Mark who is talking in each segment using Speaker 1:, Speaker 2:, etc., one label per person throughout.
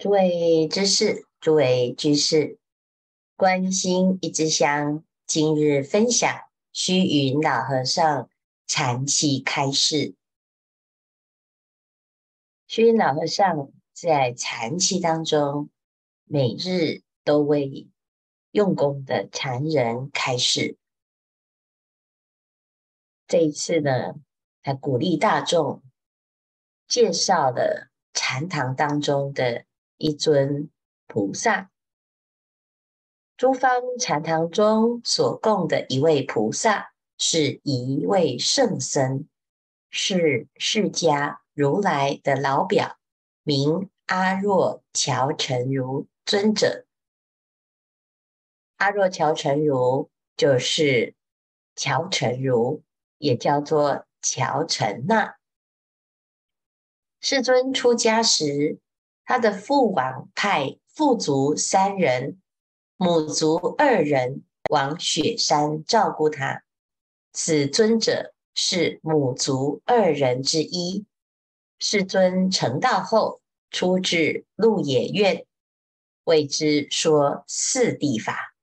Speaker 1: 諸位知識，諸位居士，觀心一支香，今日分享虛雲老和尚禪七開示。虛雲老和尚在禪七當中，每日都為用功的禪人開示。這一次呢，他鼓勵大眾，介紹了禪堂當中的，一尊菩薩，諸方禪堂中所供的一位菩薩，是一位聖僧，是釋迦如來的老表，名阿若憍陳如尊者。阿若憍陳如就是憍陳如，也叫做憍陳那。世尊出家時。他的父王派父族三人、母族二人往雪山照顧他。此尊者是母族二人之一。世尊成道後，出至鹿野苑，為之說四諦法。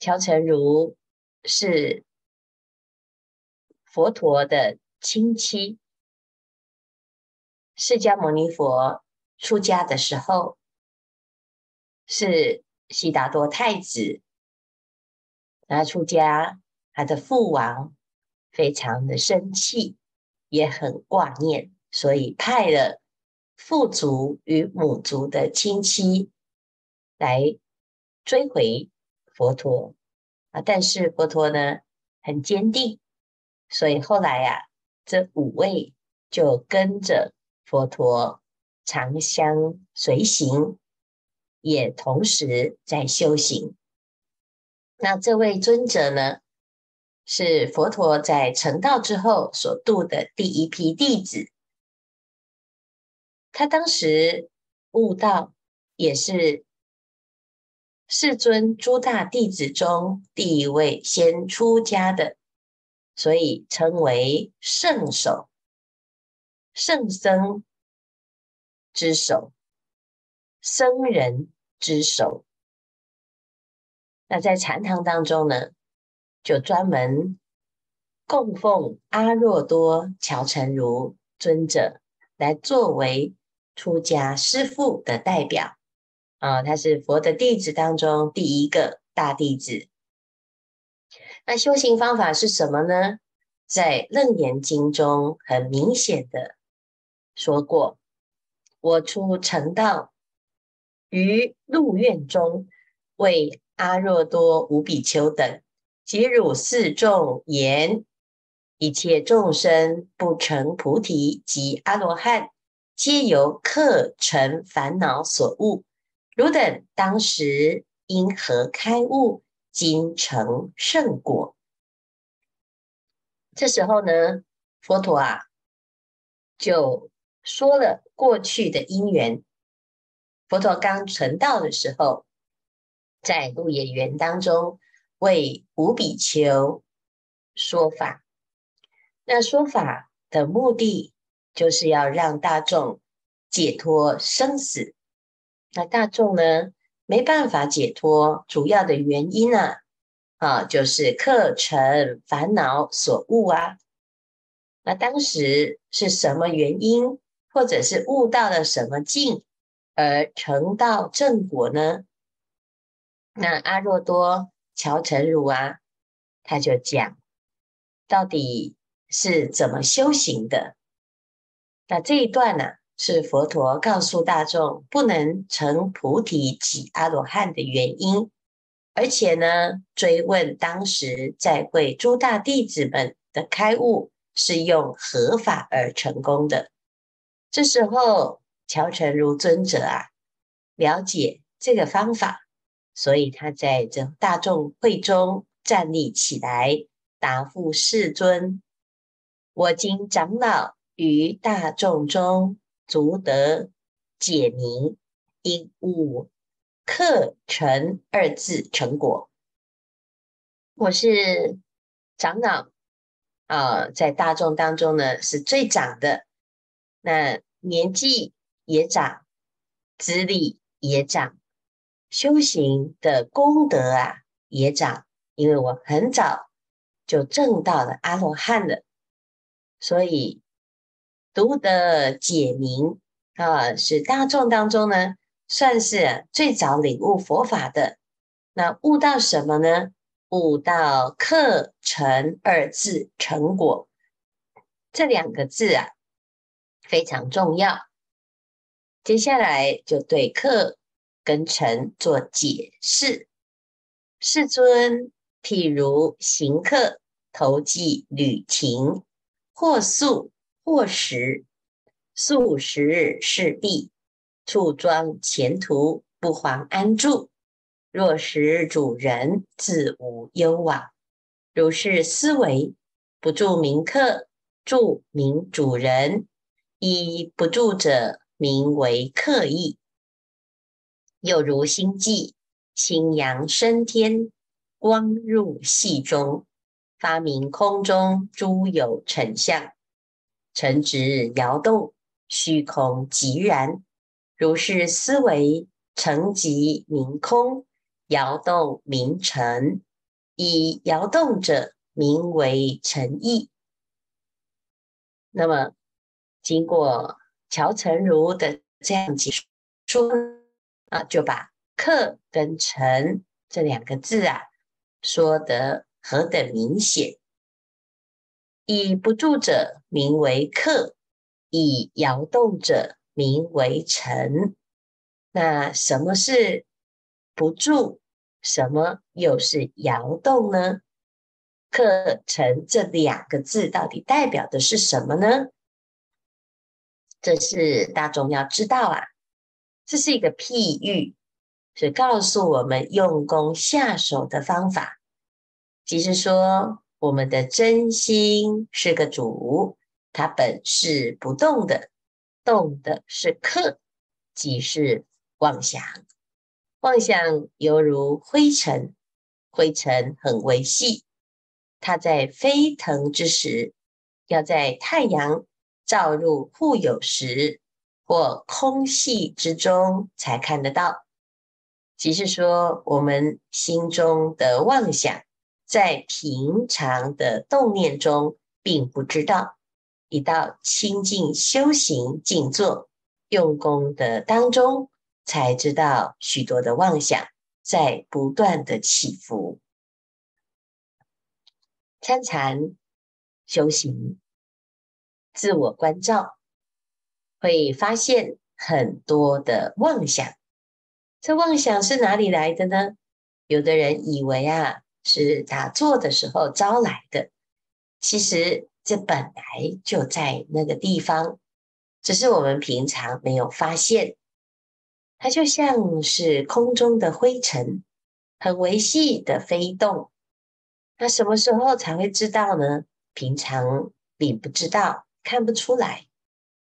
Speaker 1: 憍陳如是佛陀的親戚。釋迦牟尼佛出家的時候是悉達多太子，他出家，他的父王非常的生氣，也很掛念，所以派了父族與母族的親戚來追回佛陀啊。但是佛陀呢很堅定，所以後來呀、啊，這五位就跟着。佛陀常相隨行，也同時在修行。那這位尊者呢，是佛陀在成道之後所度的第一批弟子。他當時悟道，也是世尊諸大弟子中第一位先出家的，所以稱為僧首。聖僧之首，僧人之首。那在禪堂當中呢，就專門供奉阿若多憍陳如尊者來作為出家師父的代表。啊、呃，他是佛的弟子當中第一個大弟子。那修行方法是什麼呢？在《楞嚴經》中很明顯的。說過：“我初成道於鹿苑中，為阿若多、五比丘等及汝四眾言：一切眾生不成菩提及阿羅漢，皆由客塵煩惱所誤。汝等當時因何開悟，今成聖果？”這時候呢，佛陀啊，就。說了過去的因緣，佛陀剛成道的時候，在鹿野苑當中為五比丘說法。那說法的目的就是要讓大眾解脫生死。那大眾呢，沒辦法解脫，主要的原因呢，啊，啊，就是客塵煩惱所誤啊。那當時是什麼原因？或者是悟到了什麼境而成道正果呢？那阿若多憍陳如啊，他就講，到底是怎麼修行的？那這一段呢、啊，是佛陀告訴大眾不能成菩提及阿羅漢的原因，而且呢，追問當時在會諸大弟子們的開悟是用何法而成功的？這時候，憍陳如尊者啊，了解這個方法，所以他在這大眾會中站立起來，答覆世尊：“我今長老於大眾中獨得解名，因悟客塵二字成果。”我是長老呃，在大眾當中呢是最長的，那。年紀也長，資歷也長，修行的功德啊也長。因為我很早就證到了阿羅漢了，所以獨得解名啊，是大眾當中呢算是、啊、最早領悟佛法的。那悟到什麼呢？悟到“客塵”二字，成果這兩個字啊。非常重要。接下來就對客跟塵做解釋。世尊，譬如行客投寄旅亭，或宿或食，宿食事畢，俶裝前途，不遑安住。若實主人自無攸往，如是思維，不住名客，住名主人。以不住者名為客義，又如新霽，清暘升天，光入隙中，發明空中諸有塵相，塵質搖動，虛空寂然。如是思惟，澄寂名空，搖動名塵，以搖動者名為塵義。那麼。經過憍陳如的這樣解說啊，就把“客”跟“塵”這兩個字啊說得何等明顯！以不住者名為客，以搖動者名為塵。那什麼是不住？什麼又是搖動呢？“客”、“塵”這兩個字到底代表的是什麼呢？這是大眾要知道啊，這是一個譬喻，是告訴我們用功下手的方法。即是說，我們的真心是個主，它本是不動的，動的是客，即是妄想。妄想猶如灰塵，灰塵很微細，它在飛騰之時，要在太陽。照入戶牖時，或空隙之中，才看得到。即是說，我們心中的妄想，在平常的動念中並不知道，一到清靜修行、靜坐用功的當中，才知道許多的妄想在不斷的起伏。參禪修行。自我觀照，會發現很多的妄想，這妄想是哪裡來的呢？有的人以為啊，是打坐的時候招來的。其實這本來就在那個地方，只是我們平常沒有發現。它就像是空中的灰塵，很微細的飛動。那什麼時候才會知道呢？平常並不知道。看不出來，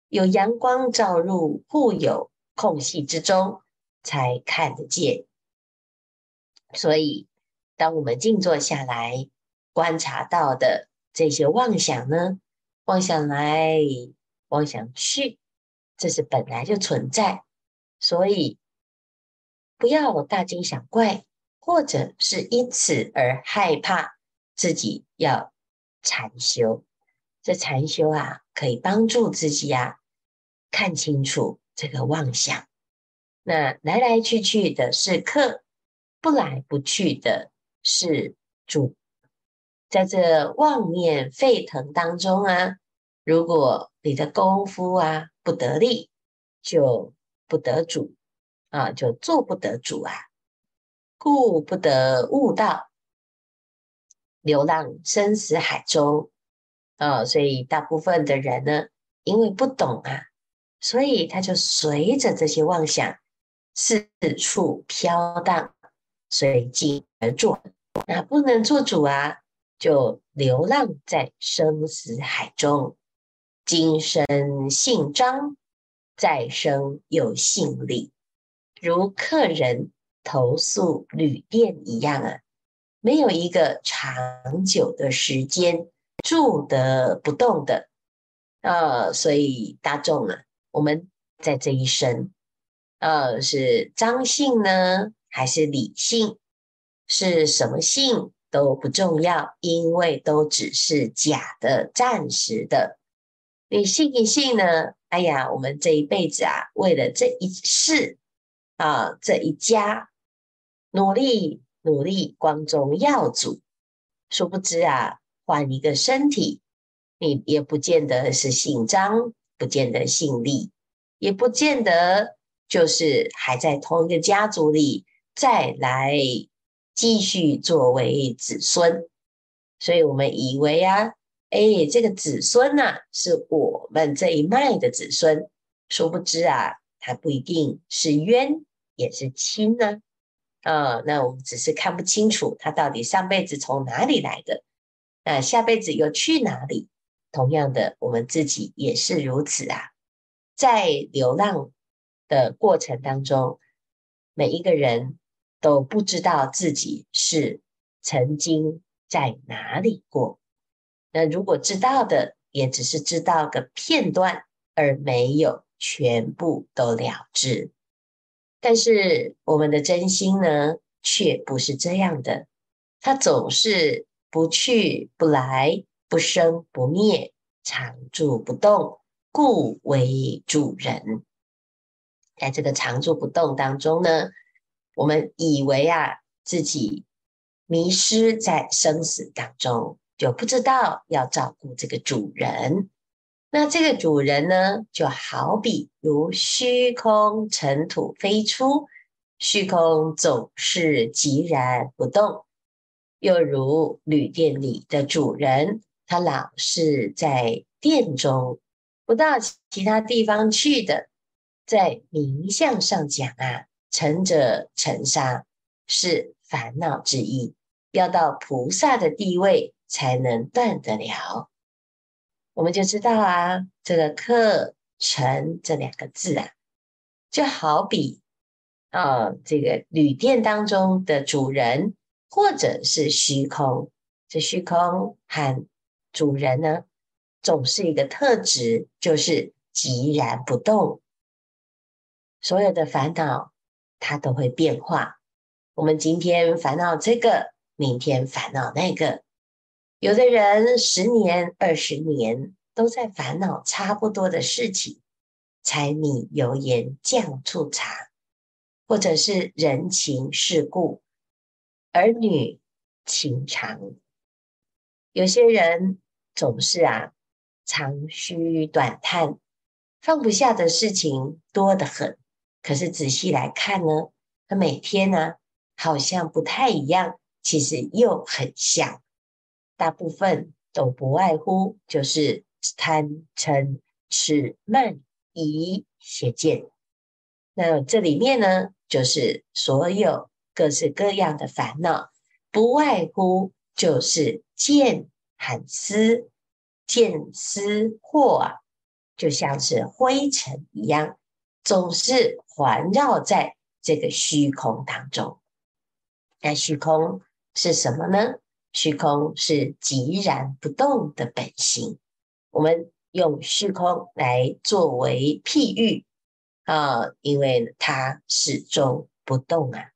Speaker 1: 有陽光照入固有空隙之中，才看得見。所以，當我們靜坐下來，觀察到的這些妄想呢，妄想來，妄想去，這是本來就存在。所以，不要大驚小怪，或者是因此而害怕自己要禪修。這禪修啊，可以幫助自己啊，看清楚這個妄想。那來來去去的是客，不來不去的是主。在這妄念沸騰當中啊，如果你的功夫啊不得力，就不得主啊，就做不得主啊，故不得悟道，流浪生死海中。啊、哦，所以大部分的人呢，因為不懂啊，所以他就隨着這些妄想四處飄蕩，隨即而作，那不能做主啊，就流浪在生死海中。今生姓張，再生又姓李，如客人投宿旅店一樣啊，沒有一個長久的時間。住的不動的，呃，所以大眾呢，我們在這一生，呃，是張姓呢，還是李姓，是什麼姓都不重要，因為都只是假的、暫時的。你信不信呢？哎呀，我們這一輩子啊，為了這一世啊、呃，這一家，努力努力，光宗耀祖，殊不知啊。換一個身體，你也不見得是姓張，不見得姓李，也不見得就是還在同一個家族裡再來繼續作為子孫。所以，我們以為啊，哎，這個子孫吶，是我們這一脈的子孫。殊不知啊，他不一定是冤，也是親呢。啊，那我們只是看不清楚他到底上輩子從哪裡來的。那下輩子又去哪裡？同樣的，我們自己也是如此啊。在流浪的過程當中，每一個人都不知道自己是曾經在哪裡過。那如果知道的，也只是知道個片段，而沒有全部都了知。但是我們的真心呢，卻不是這樣的。它總是。不去不來，不生不滅，常住不動故為主人，在這個常住不動當中呢，我們以為啊自己迷失在生死當中，就不知道要照顧這個主人。那這個主人呢，就好比如虛空塵土飛出，虛空總是寂然不動。又如旅店裡的主人，他老是在店中，不到其他地方去的。在名相上講啊，塵者塵沙是煩惱之一，要到菩薩的地位才能斷得了。我們就知道啊，這個“客塵”這兩個字啊，就好比啊、呃，這個旅店當中的主人。或者是虛空，這虛空和主人呢，總是一個特質，就是寂然不動。所有的煩惱它都會變化。我們今天煩惱這個，明天煩惱那個。有的人十年、二十年都在煩惱差不多的事情，柴米油鹽醬醋茶，或者是人情世故。兒女情長，有些人總是啊長吁短嘆，放不下的事情多得很。可是仔細來看呢，他每天呢，啊，好像不太一樣，其實又很像，大部分都不外乎就是貪嗔痴慢疑邪見。那這裡面呢，就是所有。各式各樣的煩惱，不外乎就是見和思，見思惑、啊，就像是灰塵一樣，總是環繞在這個虛空當中。那虛空是什麼呢？虛空是寂然不動的本性。我們用虛空來作為譬喻啊，因為它始終不動啊。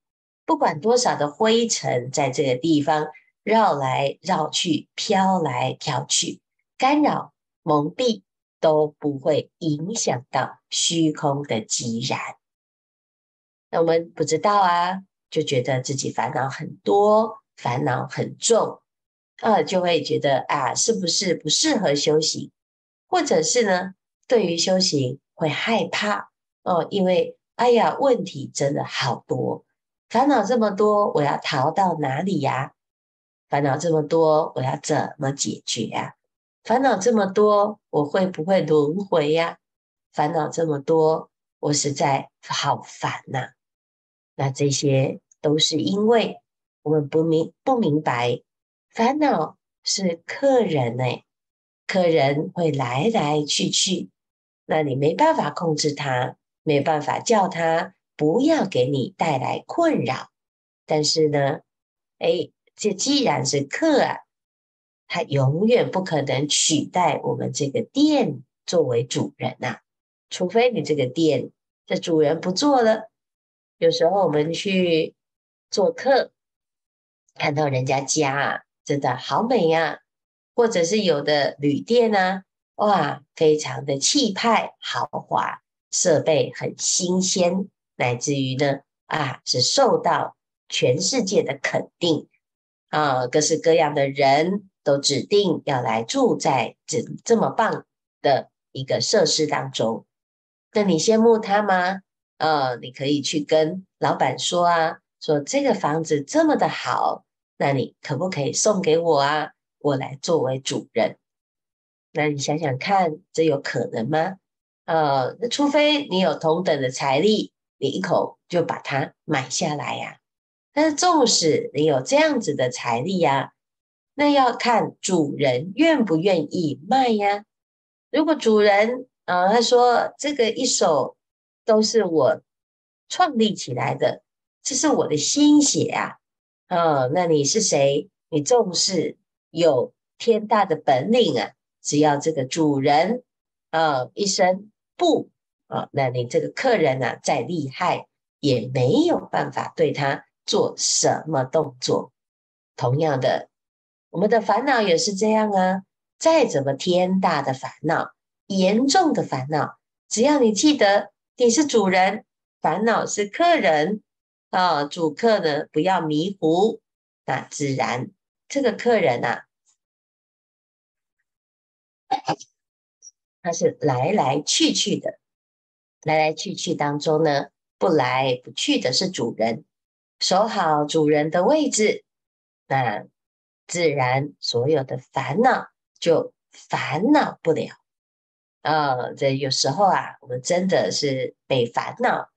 Speaker 1: 不管多少的灰塵在這個地方繞來繞去、飄來飄去，干擾、蒙蔽，都不會影響到虛空的寂然。那我們不知道啊，就覺得自己煩惱很多，煩惱很重，啊、呃，就會覺得啊，是不是不適合修行？或者是呢，對於修行會害怕哦、呃，因為哎呀，問題真的好多。煩惱這麼多，我要逃到哪裡呀？煩惱這麼多，我要怎麼解決啊？煩惱這麼多，我會不會輪迴呀？煩惱這麼多，我實在好煩吶！那這些都是因為我們不明不明白，煩惱是客人誒，客人會來來去去，那你沒辦法控制他，沒辦法叫他。不要給你帶來困擾，但是呢，哎，這既然是客啊，它永遠不可能取代我們這個店作為主人吶啊。除非你這個店的主人不做了。有時候我們去做客，看到人家家啊，真的好美呀啊，或者是有的旅店啊，哇，非常的氣派、豪華，設備很新鮮。乃至於呢啊，是受到全世界的肯定啊，各式各樣的人都指定要來住在這這麼棒的一個設施當中。那你羨慕他嗎？呃、啊，你可以去跟老闆說啊，說這個房子這麼的好，那你可不可以送給我啊？我來作為主人。那你想想看，這有可能嗎？呃、啊，除非你有同等的財力。你一口就把它買下來呀、啊？但是縱使你有這樣子的財力呀、啊，那要看主人願不願意賣呀、啊。如果主人，啊、呃，他說這個一手都是我創立起來的，這是我的心血啊，啊、呃，那你是誰？你縱使有天大的本領啊，只要這個主人，呃一聲不。啊，那你這個客人呢，再厲害也沒有辦法對他做什麼動作。同樣的，我們的煩惱也是這樣啊，再怎麼天大的煩惱、嚴重的煩惱，只要你記得你是主人，煩惱是客人啊，主客呢不要迷糊，那自然這個客人啊，他是來來去去的。來來去去當中呢，不來不去的是主人，守好主人的位置，那自然所有的煩惱就煩惱不了啊、哦。這有時候啊，我們真的是被煩惱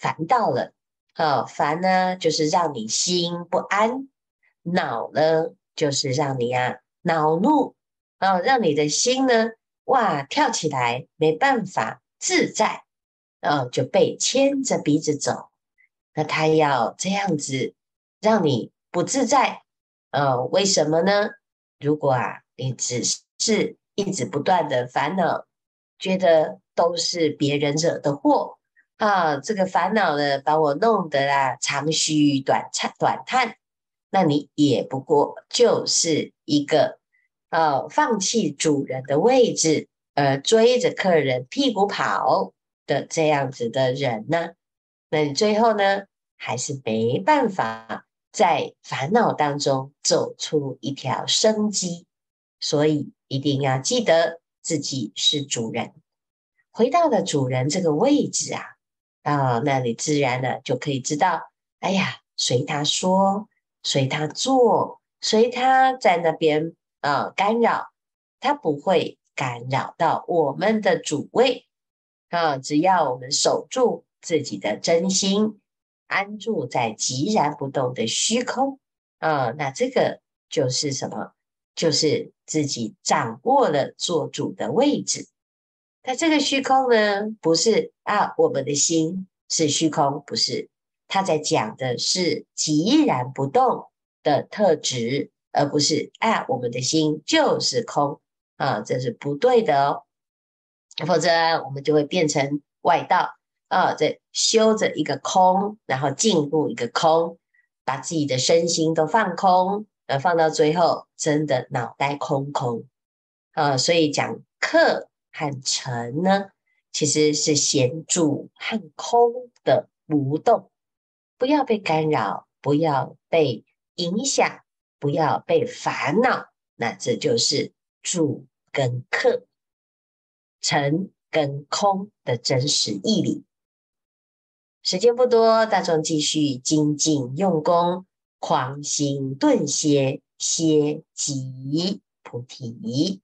Speaker 1: 煩到了啊、哦。煩呢，就是讓你心不安；惱呢，就是讓你啊，惱怒啊、哦，讓你的心呢哇跳起來，沒辦法自在。呃，就被牽着鼻子走。那他要這樣子，讓你不自在。呃，為什麼呢？如果啊，你只是一直不斷的煩惱，覺得都是別人惹的禍啊，這個煩惱呢，把我弄得啊，長吁短嘆，短嘆。那你也不過就是一個，呃，放棄主人的位置，呃，追着客人屁股跑。的這樣子的人呢，那你最後呢，還是沒辦法在煩惱當中走出一條生機，所以一定要記得自己是主人。回到了主人這個位置啊，到、呃、那裡自然了就可以知道，哎呀，隨他說，隨他做，隨他在那邊啊、呃、干擾，他不會干擾到我們的主位。啊，只要我們守住自己的真心，安住在寂然不動的虛空啊，呃，那這個就是什麼？就是自己掌握了做主的位置。那這個虛空呢，不是啊，我們的心是虛空，不是。他在講的是寂然不動的特質，而不是啊，我們的心就是空啊，這是不對的哦。否則，我們就會變成外道啊、哦，在修着一個空，然後進入一個空，把自己的身心都放空，呃，放到最後真的腦袋空空啊、哦。所以，講客和塵呢，其實是顯主和空的不動，不要被干擾，不要被影響，不要被煩惱。那這就是主跟客。塵跟空的真實義理，時間不多，大眾繼續精進用功，狂心頓歇，歇即菩提。